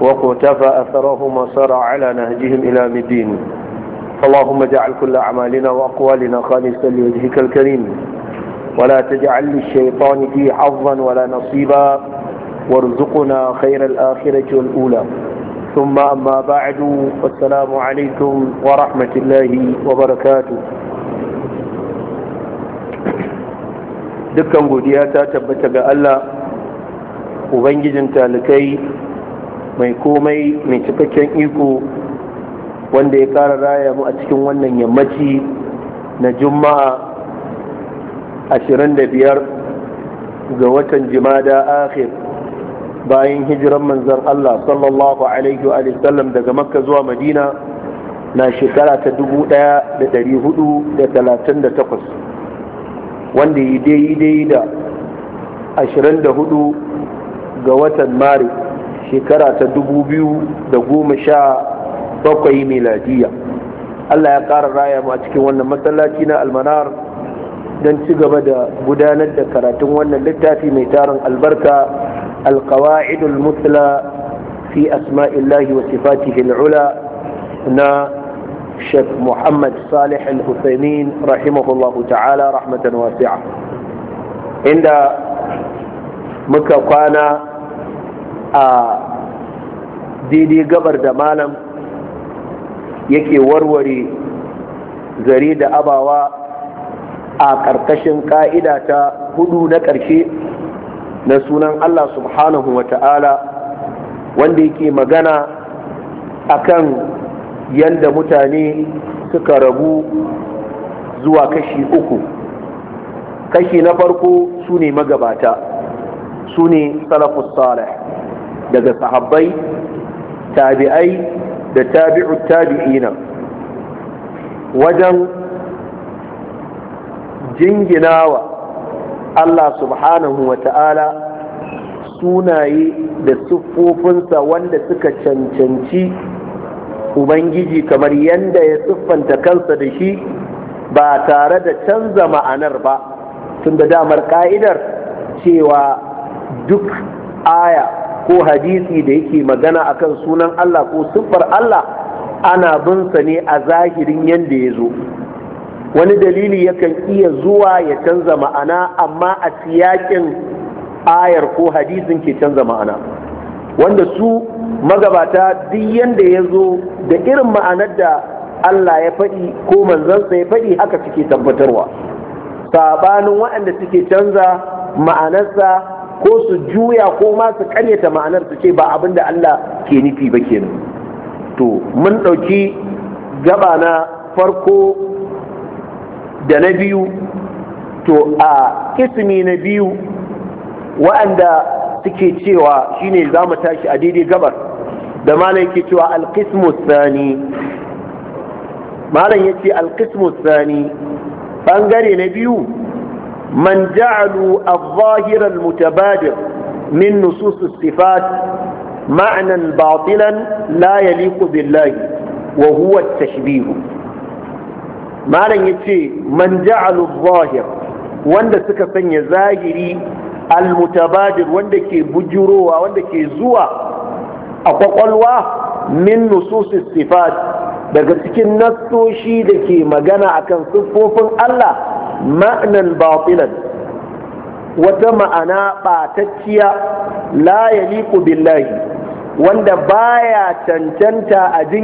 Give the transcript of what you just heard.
وقتفى أثرهم صار على نهجهم إلى مدين اللهم اجعل كل أعمالنا وأقوالنا خالصا لوجهك الكريم ولا تجعل للشيطان فيه حظا ولا نصيبا وارزقنا خير الآخرة والأولى ثم أما بعد والسلام عليكم ورحمة الله وبركاته دكا godiya ta ألا وبنجد انت لكي mai komai mai cikakken iko wanda ya kara raya mu a cikin wannan yammaci na juma'a 25 ga watan jimada akhir bayan hijiran manzan Allah sallallahu alaihi wa sallam daga makka zuwa madina na shekara ta 1438 wanda yi daidai da 24 ga watan maris shekara ta dubu biyu da goma sha bakwai miladiya allah ya ƙara raya mu a cikin wannan masallaci na almanar don ci gaba da gudanar da karatun wannan littafi mai tarin albarka alkawa'idul musla fi asma'illahi wa sifatihi na shek muhammad salih al-husaymin rahimahullahu ta'ala rahmatan wasi'a inda muka kwana a daidai gabar da malam yake warware zare da abawa a ƙarƙashin ƙa'ida ta hudu na ƙarshe na sunan Allah subhanahu wa ta'ala wanda yake magana a kan yadda mutane suka rabu zuwa kashi uku kashi na farko su ne magabata su ne salafus salih daga sahabbai tabi'ai da tabi'u tabi'ina wajen jinginawa Allah subhanahu wa ta'ala sunaye da siffofinsa wanda suka cancanci Ubangiji kamar yadda ya siffanta kansa da shi ba tare da canza ma'anar ba tun da damar ka'idar cewa duk aya ko hadisi da yake magana akan sunan Allah ko siffar Allah ana bin sa ne a zahirin yanda ya zo wani dalili yakan iya zuwa ya canza ma'ana amma a siyakin ayar ko hadisin ke canza ma'ana wanda su magabata duk yanda ya zo da irin ma'anar da Allah ya faɗi ko manzansa ya faɗi haka suke tabbatarwa sabanin waɗanda suke canza ma'anarsa ko su juya ko ma su karyata ma'anar su ce ba abin da Allah ke nufi ba kenan to mun ɗauki gaba na farko da na biyu to a ismi na biyu wa'anda suke cewa shine za mu tashi a daidai gabar da malam yake cewa alkismus sani malam ya ce alkismus sani ɓangare na biyu من جعلوا الظاهر المتبادر من نصوص الصفات معنى باطلا لا يليق بالله وهو التشبيه ما لن يتشي من جعلوا الظاهر wanda suka sanya zahiri almutabadir wanda ke bujurowa wanda ke zuwa a ƙwaƙwalwa min nususis sifat daga cikin nassoshi da ke magana akan siffofin Allah ma'anan batilan wata ma'ana ɓatacciya la yaliqu billahi wanda baya cancanta a